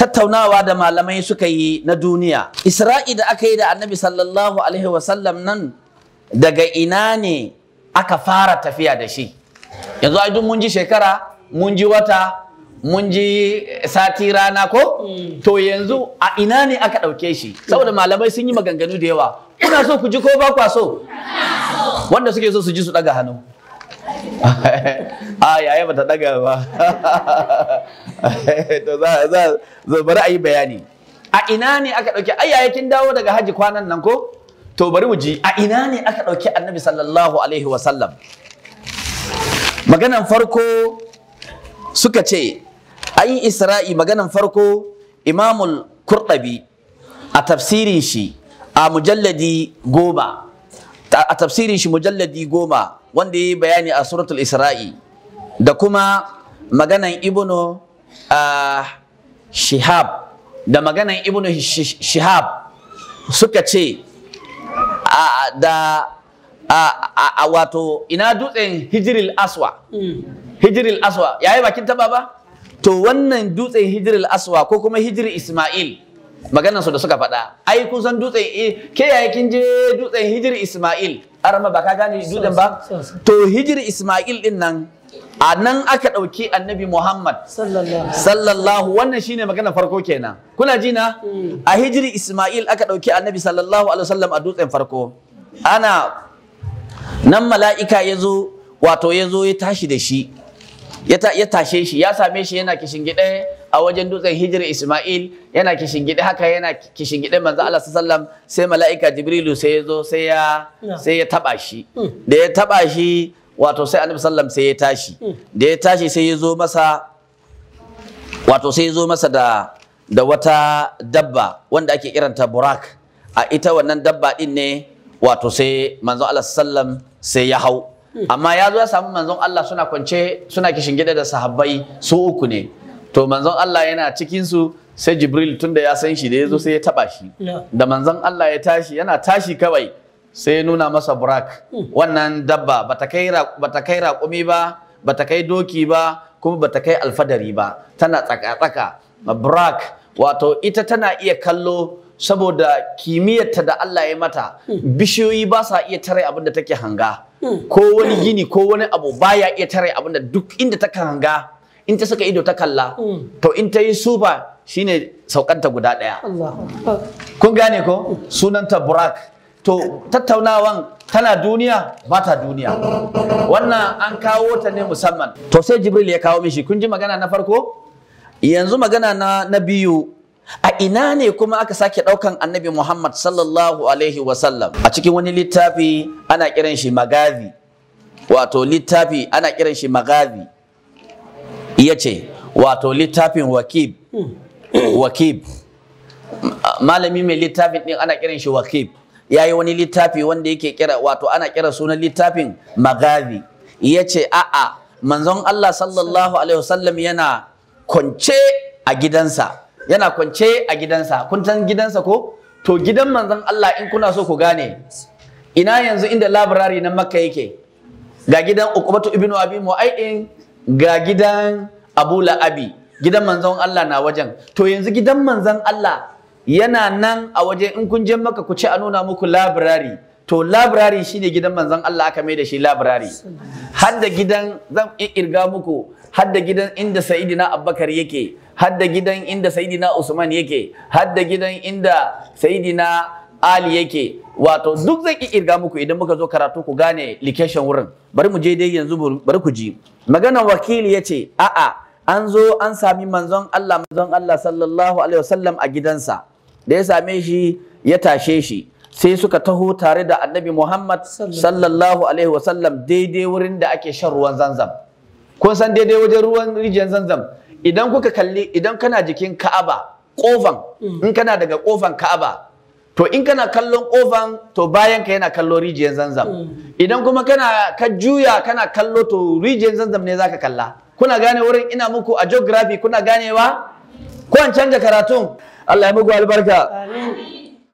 tattaunawa da malamai suka yi na duniya isra'i da aka yi da annabi sallallahu alaihi wasallam nan daga ina ne aka fara tafiya da shi yanzu ai mun ji shekara mun ji wata mun ji eh, sati rana ko mm. to yanzu a ina ne aka ɗauke shi saboda malamai sun yi maganganu da yawa kuna so ku ji ko ba kwa so wanda suke so su ji su ɗaga hannu a yaya bata daga ba to za za bari ayi bayani a ina ne aka dauki ai yaya kin dawo daga haji kwanan nan ko to bari mu ji a ina ne aka dauki annabi sallallahu alaihi wa sallam maganan farko suka ce ayi isra'i maganan farko imamul kurdabi a tafsirin shi a mujalladi goma a tafsirin shi mujalladi goma wanda ya yi bayani a suratul isra'i da kuma maganan ibnu ah, shihab da maganan ibnu shihab suka ce da a wato ina dutsen hijiril aswa hmm. hijiril aswa yi bakin taba ba to wannan dutsen hijiril aswa ko kuma hijir isma'il maganan su da suka faɗa ai kun san dutsen eh, ke yaya kin je dutsen hijir isma'il arama ba ka gane dutsen ba to hijir isma'il din nan a nan aka ɗauki annabi Muhammad sallallahu wannan shine magana farko kenan kuna ji na hmm. a hijiri Ismail aka ɗauki annabi sallallahu alaihi wasallam a dutsen farko ana nan mala'ika ya zo wato ya zo ya tashi da shi ya tashe shi ya same shi yana gida a wajen dutsen hijiri Ismail yana gida. haka yana kishingide manzo Allah sallam sai mala'ika Jibrilu sai ya zo sai ya sai ya taba shi hmm. da ya taba shi wato sai annabi sallam sai ya tashi da ya tashi sai ya zo masa wato sai ya zo masa da da wata dabba wanda ake kiranta burak a ita wannan dabba din ne wato sai manzon Allah sallam sai ya hau amma ya zo ya samu manzon Allah suna kwance suna kishin gida da sahabbai su uku ne to manzon Allah yana cikin su sai Jibril tunda ya san shi da ya zo sai ya taba shi da manzon Allah ya tashi yana tashi kawai sai ya nuna masa burak hmm. wannan dabba bata kai raƙumi ba bata kai doki ba kuma bata kai alfadari ba tana tsaka-tsaka burak wato ita tana iya kallo saboda kimiyyarta da Allah ya mata hmm. bishiyoyi ba sa iya tare abin da take hanga hmm. ko wani gini ko wani abu baya iya tare abin da duk inda ta hanga in ta saka ido ta kalla to in ta yi sufa shine saukanta guda ɗaya kun gane ko sunanta burak to tattaunawan tana duniya ba ta duniya wannan an kawo ta ne musamman to sai jibril ya kawo mishi kun ji magana na farko yanzu magana na, na biyu a ina ne kuma aka sake ɗaukan annabi muhammad sallallahu alaihi wasallam a cikin wani littafi ana kiran shi magazi wato littafi ana kiran shi magazi iya ce wato littafin wakib hmm. wakib malami mai littafin ɗin ana kiran shi wakib yayi wani littafi wanda yake kira wato ana kira sunan littafin magazi ce a'a manzon Allah sallallahu alaihi wasallam yana kwance a gidansa yana kwance a gidansa kun san gidansa ko to gidan manzon Allah in kuna so ku gane ina yanzu inda labirari na Makka yake ga gidan Uqbatu ibnu Abi Mu'aydin ga gidan Abu La'abi gidan manzon Allah na wajen to yanzu gidan manzon Allah yana nan a waje in kun je maka ku ce a nuna muku labirari to labirari shine gidan manzon Allah aka mai da shi labirari har da gidan zan irga muku har da gidan inda Sayyidina Abubakar yake har da gidan inda Sayyidina Usman yake har da gidan inda Sayyidina Ali yake wato duk zan irga muku idan muka zo karatu ku gane location wurin bari mu je dai yanzu bari ku ji magana wakili yace a'a an zo an sami manzon Allah manzon Allah sallallahu alaihi wasallam a gidansa da ya same shi ya tashe shi sai suka taho tare da annabi Muhammad sallallahu alaihi wasallam daidai wurin da ake shan ruwan zanzam kun san daidai wajen ruwan rijiyar zanzam idan kuka kalli idan kana jikin Ka'aba kofan mm. in kana daga kofan Ka'aba to in kana kallon kofan to bayan ka yana kallo rijiyar zanzam mm. idan kuma kana ka juya kana kallo to rijiyar zanzam ne zaka kalla kuna gane wurin ina muku a geography kuna ganewa ko an canja karatun Allah ya muku albarka